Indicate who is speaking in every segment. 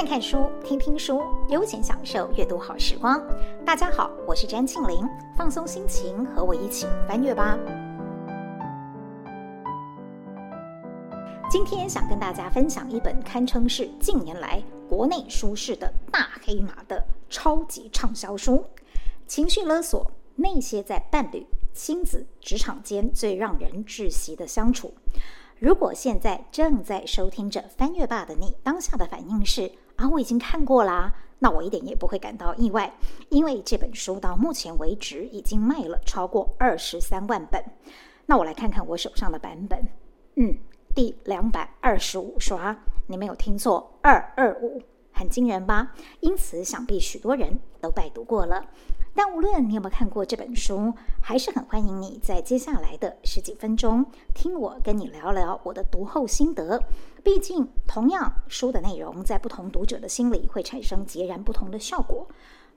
Speaker 1: 看看書，聽聽書，悠閒享受閱讀好時光。大家好，我是詹慶林，放鬆心情，和我一起翻閱吧。今天想跟大家分享一本堪稱是近年來國內書市的“大黑馬”的超級暢銷書——《情緒勒索：那些在伴侶、親子、職場間最讓人窒息的相處》。如果現在正在收聽着翻閱吧的你，當下的反應是？啊，我已經看過啦，那我一點也不會感到意外，因為這本書到目前為止已經賣了超過二十三萬本。那我來看看我手上的版本，嗯，第兩百二十五刷，你沒有聽錯，二二五，很驚人吧？因此，想必許多人都拜讀過了。但無論你有沒有看過這本書，還是很歡迎你在接下來的十幾分鐘聽我跟你聊聊我的讀後心得。畢竟，同樣書的內容，在不同讀者的心裡會產生截然不同的效果。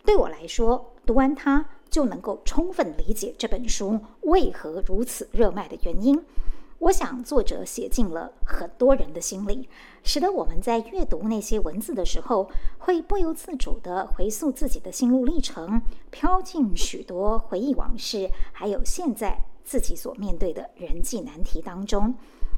Speaker 1: 對我來說，讀完它就能夠充分理解這本書為何如此熱賣的原因。我想，作者寫進了很多人的心裡，使得我們在閱讀那些文字的時候，會不由自主地回溯自己的心路歷程，飄進許多回憶往事，還有現在自己所面對的人際難題當中。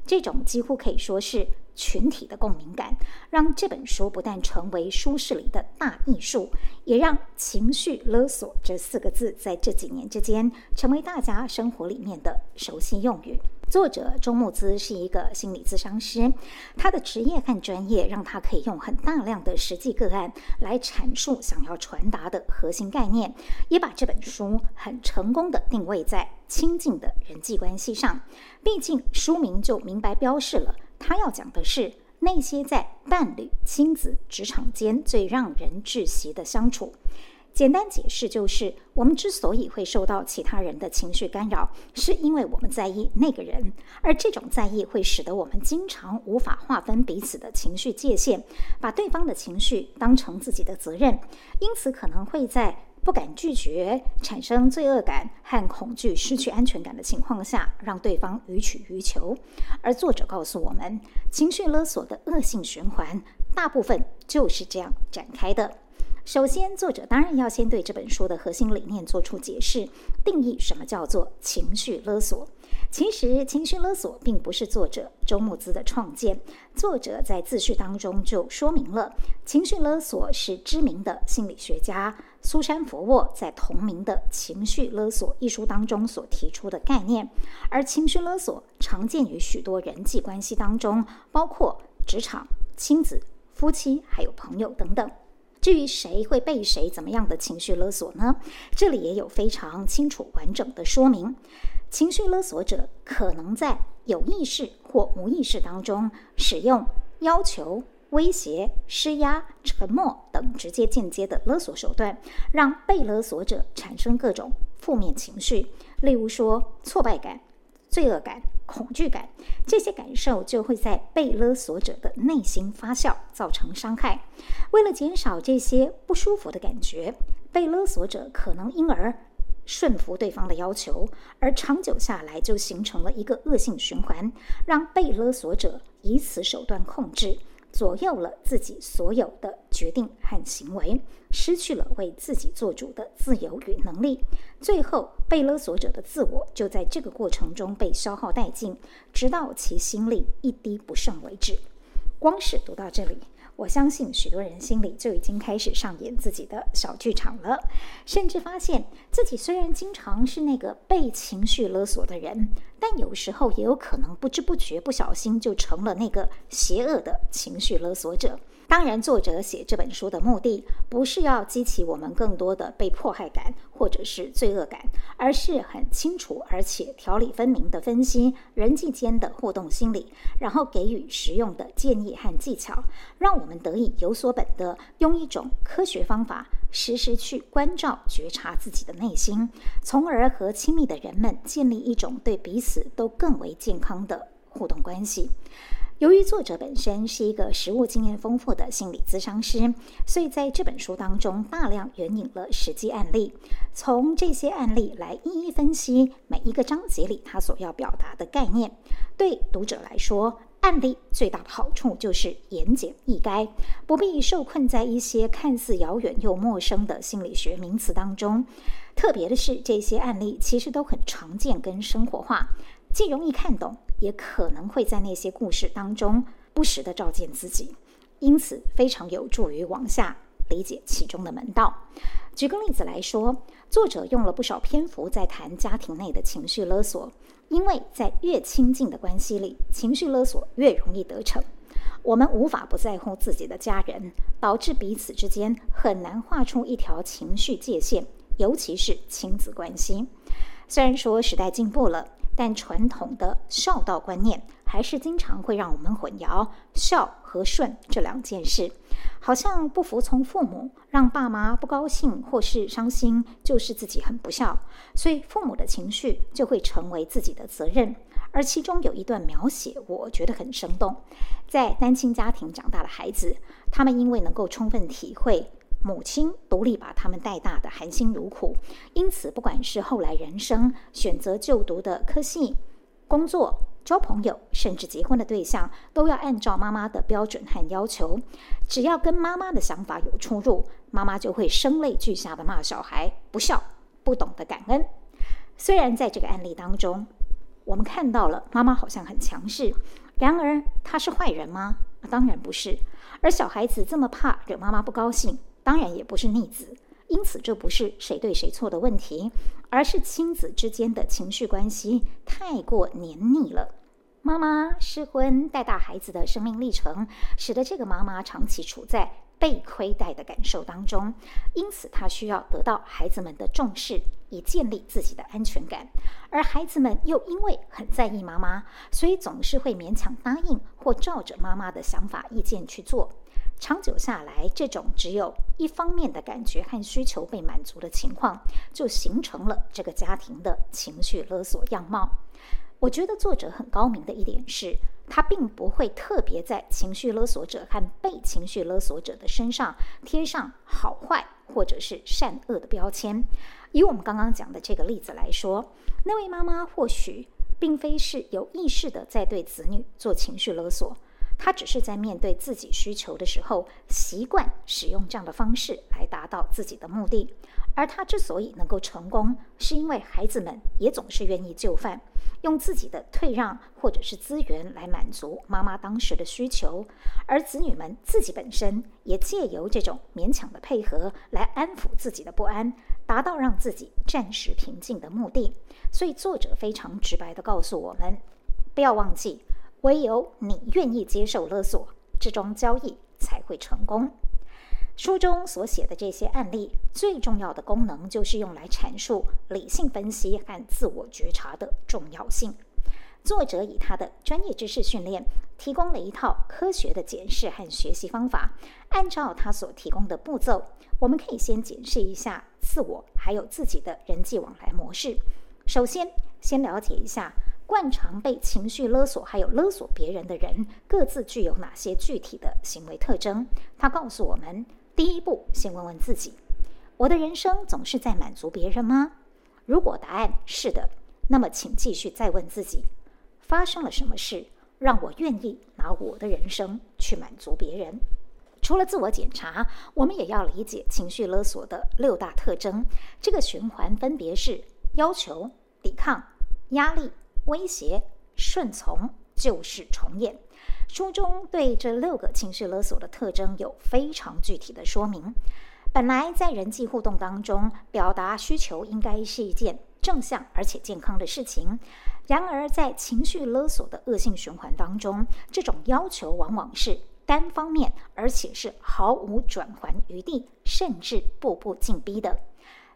Speaker 1: 這種幾乎可以說是群體的共鳴感，讓這本書不但成為書市裡的大藝術，也讓“情緒勒索”這四個字在這幾年之間成為大家生活裡面的熟悉用語。作者周慕姿是一個心理諮商師，他的職業和專業讓他可以用很大量的實際個案來闡述想要傳達的核心概念，也把這本書很成功地定位在親近的人際關係上。畢竟書名就明白標示了。他要講的是那些在伴侶、親子、職場間最讓人窒息的相處。簡單解釋就是，我們之所以會受到其他人的情緒干擾，是因為我們在意那個人，而這種在意會使得我們經常無法劃分彼此的情緒界限，把對方的情緒當成自己的責任，因此可能會在。不敢拒絕，產生罪惡感和恐懼，失去安全感的情況下，讓對方予取予求。而作者告訴我們，情緒勒索的惡性循環，大部分就是這樣展開的。首先，作者當然要先對這本書的核心理念做出解釋，定義什麼叫做情緒勒索。其實，情緒勒索並不是作者周慕姿的創建。作者在自序當中就說明了，情緒勒索是知名的心理學家。蘇珊·弗沃在同名的《情緒勒索》一書當中所提出的概念，而情緒勒索常見於許多人際關係當中，包括職場、親子、夫妻，還有朋友等等。至於誰會被誰怎麼樣的情緒勒索呢？這裡也有非常清楚完整的說明。情緒勒索者可能在有意識或無意識當中使用要求。威脅、施壓、沉默等直接、間接的勒索手段，讓被勒索者產生各種負面情緒，例如說挫敗感、罪惡感、恐懼感。這些感受就會在被勒索者的內心發酵，造成傷害。為了減少這些不舒服的感覺，被勒索者可能因而順服對方的要求，而長久下來就形成了一個惡性循環，讓被勒索者以此手段控制。左右了自己所有的決定和行為，失去了為自己做主的自由與能力。最後，被勒索者的自我就在這個過程中被消耗殆盡，直到其心力一滴不剩為止。光是讀到這裡，我相信，許多人心裡就已經開始上演自己的小劇場了，甚至發現自己雖然經常是那個被情緒勒索的人，但有時候也有可能不知不覺、不小心就成了那個邪惡的情緒勒索者。當然，作者寫這本書的目的不是要激起我們更多的被迫害感或者是罪惡感，而是很清楚而且條理分明地分析人際間的互動心理，然後給予實用的建議和技巧，讓我們得以有所本的用一種科學方法時時去關照、覺察自己的內心，從而和親密的人們建立一種對彼此都更為健康的互動關係。由於作者本身是一個實務經驗豐富的心理諮商師，所以在這本書當中大量援引了實際案例，從這些案例來一一分析每一個章節裡他所要表達的概念。對讀者來說，案例最大的好處就是言簡意賅，不必受困在一些看似遙遠又陌生的心理學名詞當中。特別的是，這些案例其實都很常見跟生活化，既容易看懂。也可能會在那些故事當中不時地照見自己，因此非常有助於往下理解其中的門道。舉個例子來說，作者用了不少篇幅在談家庭內的情緒勒索，因為在越親近的關係裡，情緒勒索越容易得逞。我們無法不在乎自己的家人，導致彼此之間很難畫出一條情緒界限，尤其是親子關係。雖然說時代進步了。但傳統的孝道觀念還是經常會讓我們混淆孝和順這兩件事，好像不服從父母，讓爸媽不高興或是傷心，就是自己很不孝，所以父母的情緒就會成為自己的責任。而其中有一段描寫，我覺得很生動，在單親家庭長大的孩子，他們因為能夠充分體會。母親獨立把他們帶大的，含辛茹苦，因此不管是後來人生選擇就讀的科系、工作、交朋友，甚至結婚的對象，都要按照媽媽的標準和要求。只要跟媽媽的想法有出入，媽媽就會聲淚俱下地罵小孩不孝、不懂得感恩。雖然在這個案例當中，我們看到了媽媽好像很強勢，然而她是壞人嗎？當然不是。而小孩子這麼怕惹媽媽不高興。當然也不是逆子，因此這不是誰對誰錯的問題，而是親子之間的情緒關係太過黏膩了。媽媽失婚帶大孩子的生命歷程，使得這個媽媽長期處在被虧待的感受當中，因此她需要得到孩子們的重視，以建立自己的安全感。而孩子們又因為很在意媽媽，所以總是會勉強答應或照着媽媽的想法、意見去做。長久下來，這種只有一方面的感覺和需求被滿足的情況，就形成了這個家庭的情緒勒索樣貌。我覺得作者很高明的一點是，他並不會特別在情緒勒索者和被情緒勒索者的身上貼上好壞或者是善惡的標籤。以我們剛剛講的這個例子來說，那位媽媽或許並非是有意識地在對子女做情緒勒索。他只是在面對自己需求的時候，習慣使用這樣的方式來達到自己的目的。而他之所以能夠成功，是因為孩子們也總是願意就範，用自己的退讓或者是資源來滿足媽媽當時的需求。而子女們自己本身也借由這種勉強的配合來安撫自己的不安，達到讓自己暫時平靜的目的。所以，作者非常直白地告訴我們：不要忘記。唯有你願意接受勒索，這樁交易才會成功。書中所寫的這些案例，最重要的功能就是用來闡述理性分析和自我覺察的重要性。作者以他的專業知識訓練，提供了一套科學的檢視和學習方法。按照他所提供的步驟，我們可以先檢視一下自我，還有自己的人際往來模式。首先，先了解一下。慣常被情緒勒索，還有勒索別人的人，各自具有哪些具體的行為特徵？他告訴我們：第一步，先問問自己，我的人生總是在滿足別人嗎？如果答案是的，那麼請繼續再問自己，發生了什麼事讓我願意拿我的人生去滿足別人？除了自我檢查，我們也要理解情緒勒索的六大特徵。這個循環分別是：要求、抵抗、壓力。威脅、順從、舊事重演，書中對這六個情緒勒索的特徵有非常具體的說明。本來在人際互動當中，表達需求應該是一件正向而且健康的事情。然而在情緒勒索的惡性循環當中，這種要求往往是單方面，而且是毫無轉圜餘地，甚至步步緊逼的。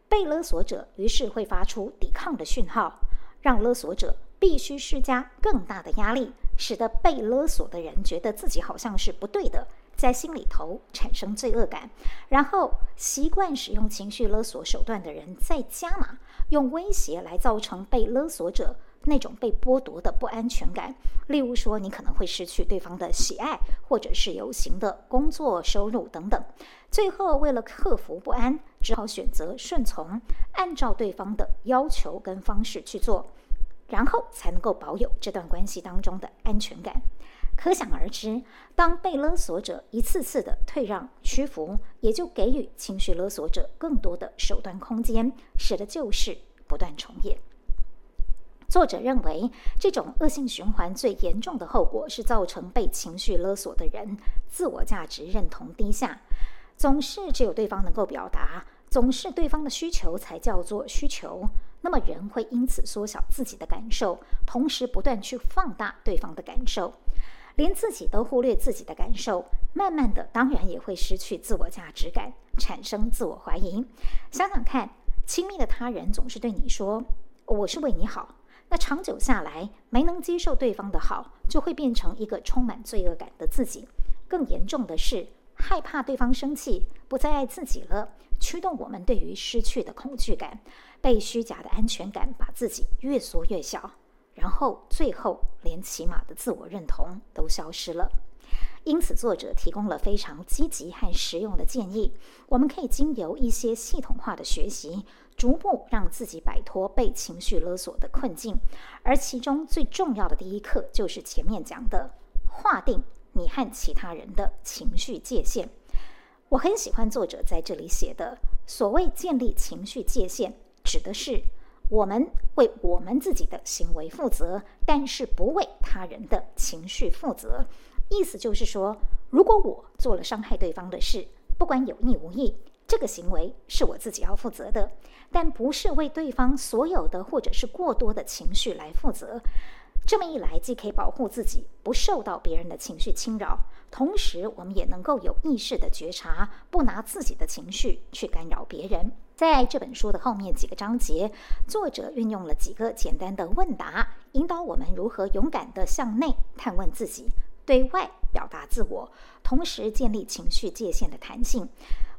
Speaker 1: 被勒索者於是會發出抵抗的訊號，讓勒索者。必須施加更大的壓力，使得被勒索的人覺得自己好像是不對的，在心裡頭產生罪惡感。然後，習慣使用情緒勒索手段的人再加碼，用威脅來造成被勒索者那種被剝奪的不安全感。例如說，你可能會失去對方的喜愛，或者是有行的工作收入等等。最後，為了克服不安，只好選擇順從，按照對方的要求跟方式去做。然後才能夠保有這段關係當中的安全感。可想而知，當被勒索者一次次的退讓、屈服，也就給予情緒勒索者更多的手段空間，使得舊事不斷重演。作者認為，這種惡性循環最嚴重的後果是造成被情緒勒索的人自我價值認同低下，總是只有對方能夠表達。總是對方的需求才叫做需求，那麼人會因此縮小自己的感受，同時不斷去放大對方的感受，連自己都忽略自己的感受，慢慢的當然也會失去自我價值感，產生自我懷疑。想想看，親密的他人總是對你說：“我是為你好。”那長久下來，沒能接受對方的好，就會變成一個充滿罪惡感的自己。更嚴重的是，害怕對方生氣，不再愛自己了。驅動我們對於失去的恐懼感，被虛假的安全感把自己越縮越小，然後最後連起碼的自我認同都消失了。因此，作者提供了非常積極和實用的建議，我們可以經由一些系統化的學習，逐步讓自己擺脫被情緒勒索的困境。而其中最重要的第一課，就是前面講的，劃定你和其他人的情緒界限。我很喜歡作者在這裡寫的所謂建立情緒界限，指的是我們為我們自己的行為負責，但是不為他人的情緒負責。意思就是說，如果我做了傷害對方的事，不管有意無意，這個行為是我自己要負責的，但不是為對方所有的或者是過多的情緒來負責。這麼一來，既可以保護自己不受到別人的情緒侵擾，同時我們也能夠有意識的覺察，不拿自己的情緒去干擾別人。在這本書的後面幾個章節，作者運用了幾個簡單的問答，引導我們如何勇敢地向內探問自己，對外表達自我，同時建立情緒界限的彈性。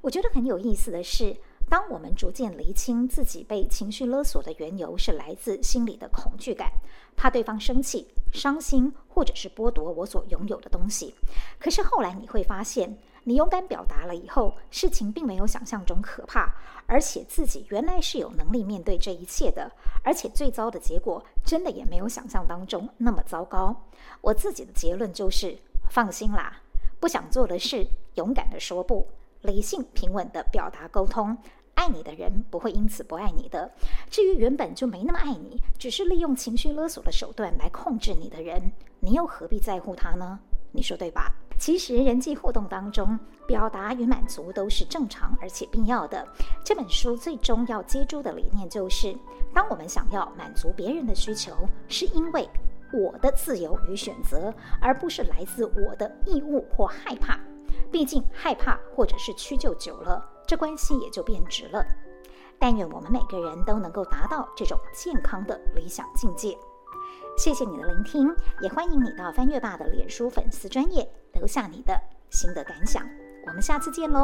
Speaker 1: 我覺得很有意思的是，當我們逐漸釐清自己被情緒勒索的緣由，是來自心裡的恐懼感，怕對方生氣、傷心，或者是剝奪我所擁有的東西。可是後來你會發現，你勇敢表達了以後，事情並沒有想象中可怕，而且自己原來是有能力面對這一切的。而且最糟的結果，真的也沒有想象當中那麼糟糕。我自己的結論就是：放心啦，不想做的事，勇敢地說不，理性平穩地表達溝通。愛你的人不會因此不愛你的。至於原本就沒那麼愛你，只是利用情緒勒索的手段來控制你的人，你又何必在乎他呢？你說對吧？其實人際互動當中，表達與滿足都是正常而且必要的。這本書最終要接住的理念就是：當我們想要滿足別人的需求，是因為我的自由與選擇，而不是來自我的義務或害怕。畢竟害怕或者是屈就久了。這關係也就變質了。但願我們每個人都能夠達到這種健康的理想境界。謝謝你的聆聽，也歡迎你到翻閱 bar 的臉書粉絲專頁留下你的心得感想。我們下次見嘍。